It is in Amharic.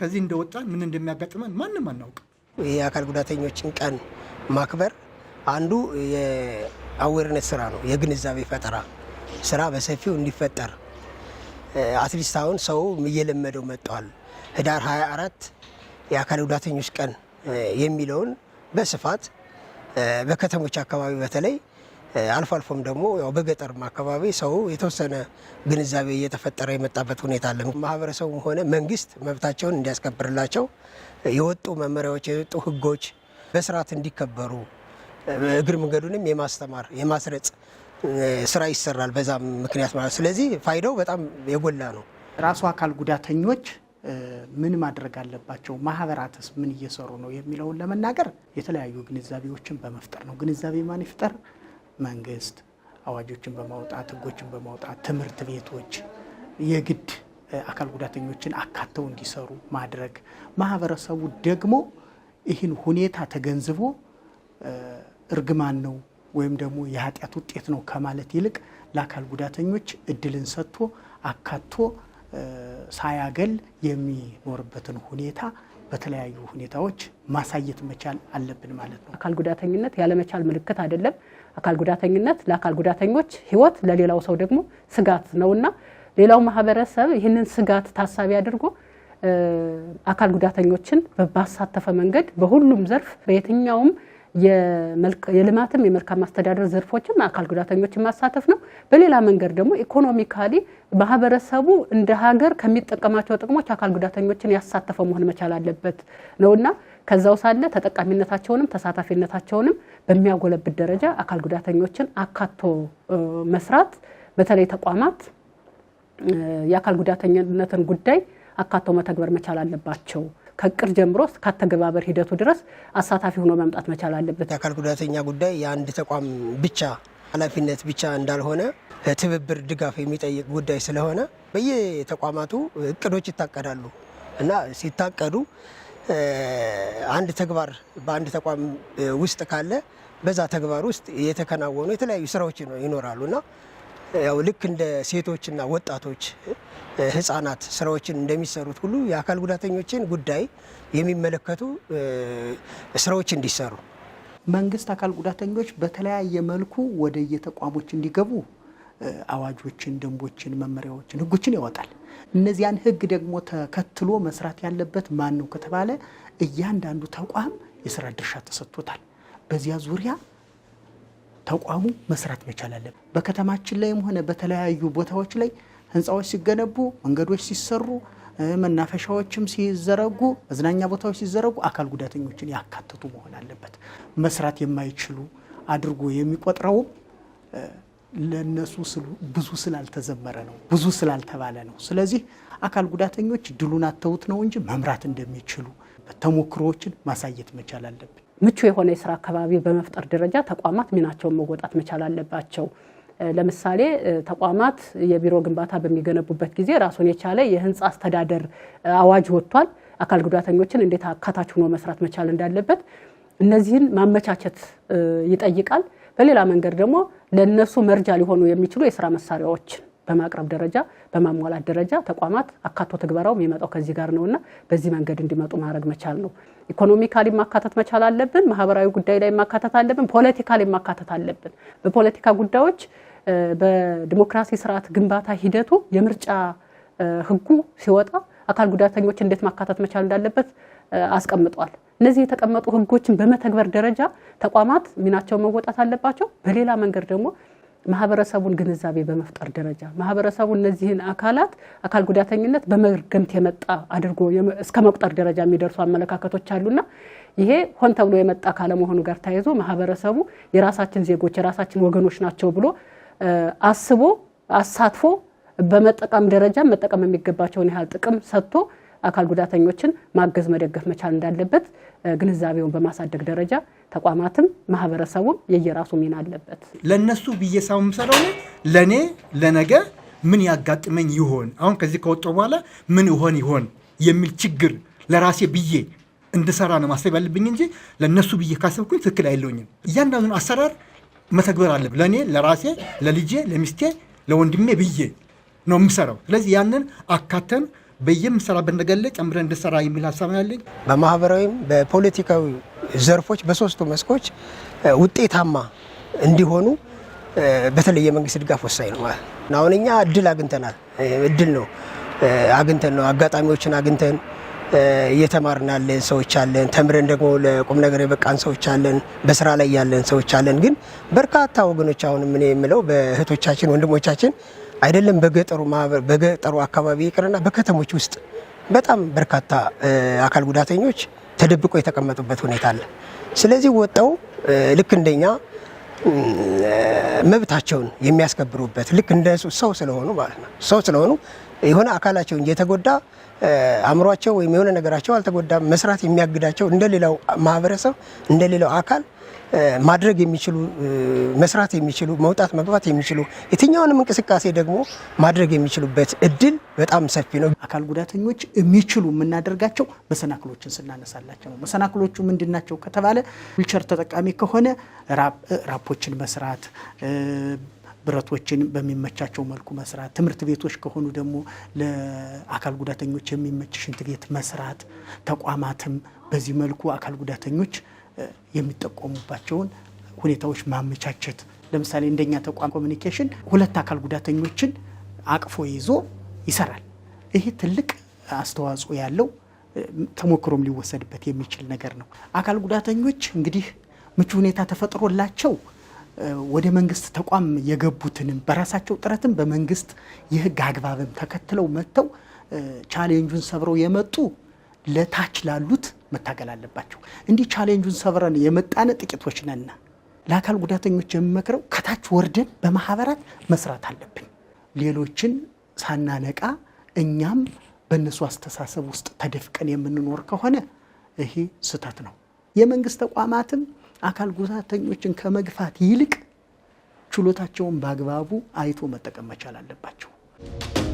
ከዚህ እንደወጣን ምን እንደሚያጋጥመን ማንም አናውቅም። የአካል ጉዳተኞችን ቀን ማክበር አንዱ የአዌርነት ስራ ነው፣ የግንዛቤ ፈጠራ ስራ በሰፊው እንዲፈጠር አትሊስት አሁን ሰው እየለመደው መጥተዋል። ህዳር 24 የአካል ጉዳተኞች ቀን የሚለውን በስፋት በከተሞች አካባቢ በተለይ አልፎ አልፎም ደግሞ ያው በገጠርም አካባቢ ሰው የተወሰነ ግንዛቤ እየተፈጠረ የመጣበት ሁኔታ አለ። ማህበረሰቡም ሆነ መንግስት መብታቸውን እንዲያስከብርላቸው የወጡ መመሪያዎች፣ የወጡ ህጎች በስርዓት እንዲከበሩ እግር መንገዱንም የማስተማር የማስረጽ ስራ ይሰራል። በዛም ምክንያት ማለት ስለዚህ ፋይዳው በጣም የጎላ ነው። ራሱ አካል ጉዳተኞች ምን ማድረግ አለባቸው፣ ማህበራትስ ምን እየሰሩ ነው የሚለውን ለመናገር የተለያዩ ግንዛቤዎችን በመፍጠር ነው። ግንዛቤ ማን ይፍጠር? መንግስት አዋጆችን በማውጣት ህጎችን በማውጣት ትምህርት ቤቶች የግድ አካል ጉዳተኞችን አካተው እንዲሰሩ ማድረግ፣ ማህበረሰቡ ደግሞ ይህን ሁኔታ ተገንዝቦ እርግማን ነው ወይም ደግሞ የኃጢአት ውጤት ነው ከማለት ይልቅ ለአካል ጉዳተኞች እድልን ሰጥቶ አካቶ ሳያገል የሚኖርበትን ሁኔታ በተለያዩ ሁኔታዎች ማሳየት መቻል አለብን ማለት ነው። አካል ጉዳተኝነት ያለመቻል ምልክት አይደለም። አካል ጉዳተኝነት ለአካል ጉዳተኞች ህይወት ለሌላው ሰው ደግሞ ስጋት ነውና ሌላው ማህበረሰብ ይህንን ስጋት ታሳቢ አድርጎ አካል ጉዳተኞችን ባሳተፈ መንገድ በሁሉም ዘርፍ በየትኛውም የልማትም የመልካም አስተዳደር ዘርፎችም አካል ጉዳተኞችን ማሳተፍ ነው። በሌላ መንገድ ደግሞ ኢኮኖሚካሊ ማህበረሰቡ እንደ ሀገር ከሚጠቀማቸው ጥቅሞች አካል ጉዳተኞችን ያሳተፈ መሆን መቻል አለበት እና ከዛው ሳለ ተጠቃሚነታቸውንም ተሳታፊነታቸውንም በሚያጎለብት ደረጃ አካል ጉዳተኞችን አካቶ መስራት በተለይ ተቋማት የአካል ጉዳተኝነትን ጉዳይ አካቶ መተግበር መቻል አለባቸው። ከቅር ጀምሮ እስካተገባበር ሂደቱ ድረስ አሳታፊ ሆኖ መምጣት መቻል አለበት። የአካል ጉዳተኛ ጉዳይ የአንድ ተቋም ብቻ ኃላፊነት ብቻ እንዳልሆነ ትብብር፣ ድጋፍ የሚጠይቅ ጉዳይ ስለሆነ በየተቋማቱ እቅዶች ይታቀዳሉ እና ሲታቀዱ አንድ ተግባር በአንድ ተቋም ውስጥ ካለ በዛ ተግባር ውስጥ የተከናወኑ የተለያዩ ስራዎች ይኖራሉ እና ያው ልክ እንደ ሴቶችና ወጣቶች ህጻናት ስራዎችን እንደሚሰሩት ሁሉ የአካል ጉዳተኞችን ጉዳይ የሚመለከቱ ስራዎች እንዲሰሩ መንግስት አካል ጉዳተኞች በተለያየ መልኩ ወደ የተቋሞች እንዲገቡ አዋጆችን፣ ደንቦችን፣ መመሪያዎችን፣ ህጎችን ያወጣል። እነዚያን ህግ ደግሞ ተከትሎ መስራት ያለበት ማን ነው ከተባለ እያንዳንዱ ተቋም የስራ ድርሻ ተሰጥቶታል። በዚያ ዙሪያ ተቋሙ መስራት መቻል አለበት። በከተማችን ላይም ሆነ በተለያዩ ቦታዎች ላይ ህንፃዎች ሲገነቡ፣ መንገዶች ሲሰሩ፣ መናፈሻዎችም ሲዘረጉ፣ መዝናኛ ቦታዎች ሲዘረጉ አካል ጉዳተኞችን ያካተቱ መሆን አለበት። መስራት የማይችሉ አድርጎ የሚቆጥረውም ለነሱ ብዙ ስላልተዘመረ ነው፣ ብዙ ስላልተባለ ነው። ስለዚህ አካል ጉዳተኞች ድሉን አተውት ነው እንጂ መምራት እንደሚችሉ ተሞክሮዎችን ማሳየት መቻል አለብን። ምቹ የሆነ የስራ አካባቢ በመፍጠር ደረጃ ተቋማት ሚናቸውን መወጣት መቻል አለባቸው። ለምሳሌ ተቋማት የቢሮ ግንባታ በሚገነቡበት ጊዜ ራሱን የቻለ የህንፃ አስተዳደር አዋጅ ወጥቷል። አካል ጉዳተኞችን እንዴት አካታች ሆኖ መስራት መቻል እንዳለበት እነዚህን ማመቻቸት ይጠይቃል። በሌላ መንገድ ደግሞ ለእነሱ መርጃ ሊሆኑ የሚችሉ የስራ መሳሪያዎችን በማቅረብ ደረጃ በማሟላት ደረጃ ተቋማት አካቶ ትግበራው የሚመጣው ከዚህ ጋር እና በዚህ መንገድ እንዲመጡ ማድረግ መቻል ነው። ኢኮኖሚካሊ ማካተት መቻል አለብን። ማህበራዊ ጉዳይ ላይ ማካተት አለብን። ፖለቲካ ላይ ማካተት አለብን። በፖለቲካ ጉዳዮች በዲሞክራሲ ስርዓት ግንባታ ሂደቱ የምርጫ ህጉ ሲወጣ አካል ጉዳተኞች እንዴት ማካተት መቻል እንዳለበት አስቀምጧል። እነዚህ የተቀመጡ ህጎችን በመተግበር ደረጃ ተቋማት ሚናቸው መወጣት አለባቸው። በሌላ መንገድ ደግሞ ማህበረሰቡን ግንዛቤ በመፍጠር ደረጃ ማህበረሰቡ እነዚህን አካላት አካል ጉዳተኝነት በመርገምት የመጣ አድርጎ እስከ መቁጠር ደረጃ የሚደርሱ አመለካከቶች አሉና ይሄ ሆን ተብሎ የመጣ ካለመሆኑ ጋር ተያይዞ ማህበረሰቡ የራሳችን ዜጎች የራሳችን ወገኖች ናቸው ብሎ አስቦ አሳትፎ በመጠቀም ደረጃ መጠቀም የሚገባቸውን ያህል ጥቅም ሰጥቶ አካል ጉዳተኞችን ማገዝ መደገፍ መቻል እንዳለበት ግንዛቤውን በማሳደግ ደረጃ ተቋማትም ማህበረሰቡም የየራሱ ሚና አለበት። ለእነሱ ብዬ ሳው የምሰራው ለእኔ ለነገ ምን ያጋጥመኝ ይሆን አሁን ከዚህ ከወጣሁ በኋላ ምን ይሆን ይሆን የሚል ችግር ለራሴ ብዬ እንድሰራ ነው ማሰብ ያለብኝ እንጂ ለእነሱ ብዬ ካሰብኩኝ ትክክል አይለውኝም። እያንዳንዱን አሰራር መተግበር አለብ። ለእኔ ለራሴ ለልጄ ለሚስቴ ለወንድሜ ብዬ ነው የምሰራው። ስለዚህ ያንን አካተን በየምሰራበት ነገር ላይ ጨምረ እንድሰራ የሚል ሀሳብ ያለኝ በማህበራዊም በፖለቲካዊ ዘርፎች በሶስቱ መስኮች ውጤታማ እንዲሆኑ በተለይ የመንግስት ድጋፍ ወሳኝ ነው ማለት ነው። አሁን እኛ እድል አግኝተናል። እድል ነው አግኝተን ነው አጋጣሚዎችን አግኝተን እየተማርን ያለን ሰዎች አለን። ተምረን ደግሞ ለቁም ነገር የበቃን ሰዎች አለን። በስራ ላይ ያለን ሰዎች አለን። ግን በርካታ ወገኖች አሁንም እኔ የምለው በእህቶቻችን ወንድሞቻችን አይደለም በገጠሩ ማህበር በገጠሩ አካባቢ ይቅርና በከተሞች ውስጥ በጣም በርካታ አካል ጉዳተኞች ተደብቆ የተቀመጡበት ሁኔታ አለ። ስለዚህ ወጠው ልክ እንደኛ መብታቸውን የሚያስከብሩበት ልክ እንደሱ ሰው ስለሆኑ ማለት ነው። ሰው ስለሆኑ የሆነ አካላቸውን እየተጎዳ አእምሯቸው ወይም የሆነ ነገራቸው አልተጎዳም መስራት የሚያግዳቸው እንደሌላው ማህበረሰብ እንደሌላው አካል ማድረግ የሚችሉ መስራት የሚችሉ መውጣት መግባት የሚችሉ የትኛውንም እንቅስቃሴ ደግሞ ማድረግ የሚችሉበት እድል በጣም ሰፊ ነው። አካል ጉዳተኞች የሚችሉ የምናደርጋቸው መሰናክሎችን ስናነሳላቸው ነው። መሰናክሎቹ ምንድን ናቸው ከተባለ ዊልቸር ተጠቃሚ ከሆነ ራፖችን መስራት ብረቶችን በሚመቻቸው መልኩ መስራት፣ ትምህርት ቤቶች ከሆኑ ደግሞ ለአካል ጉዳተኞች የሚመች ሽንት ቤት መስራት፣ ተቋማትም በዚህ መልኩ አካል ጉዳተኞች የሚጠቆሙባቸውን ሁኔታዎች ማመቻቸት ለምሳሌ እንደኛ ተቋም ኮሚኒኬሽን ሁለት አካል ጉዳተኞችን አቅፎ ይዞ ይሰራል። ይሄ ትልቅ አስተዋጽኦ ያለው ተሞክሮም ሊወሰድበት የሚችል ነገር ነው። አካል ጉዳተኞች እንግዲህ ምቹ ሁኔታ ተፈጥሮላቸው ወደ መንግስት ተቋም የገቡትንም በራሳቸው ጥረትም በመንግስት የህግ አግባብም ተከትለው መጥተው ቻሌንጁን ሰብረው የመጡ ለታች ላሉት መታገል አለባቸው። እንዲህ ቻሌንጁን ሰብረን የመጣነ ጥቂቶች ነና ለአካል ጉዳተኞች የምመክረው ከታች ወርደን በማህበራት መስራት አለብን። ሌሎችን ሳናነቃ እኛም በእነሱ አስተሳሰብ ውስጥ ተደፍቀን የምንኖር ከሆነ ይሄ ስህተት ነው። የመንግስት ተቋማትም አካል ጉዳተኞችን ከመግፋት ይልቅ ችሎታቸውን በአግባቡ አይቶ መጠቀም መቻል አለባቸው።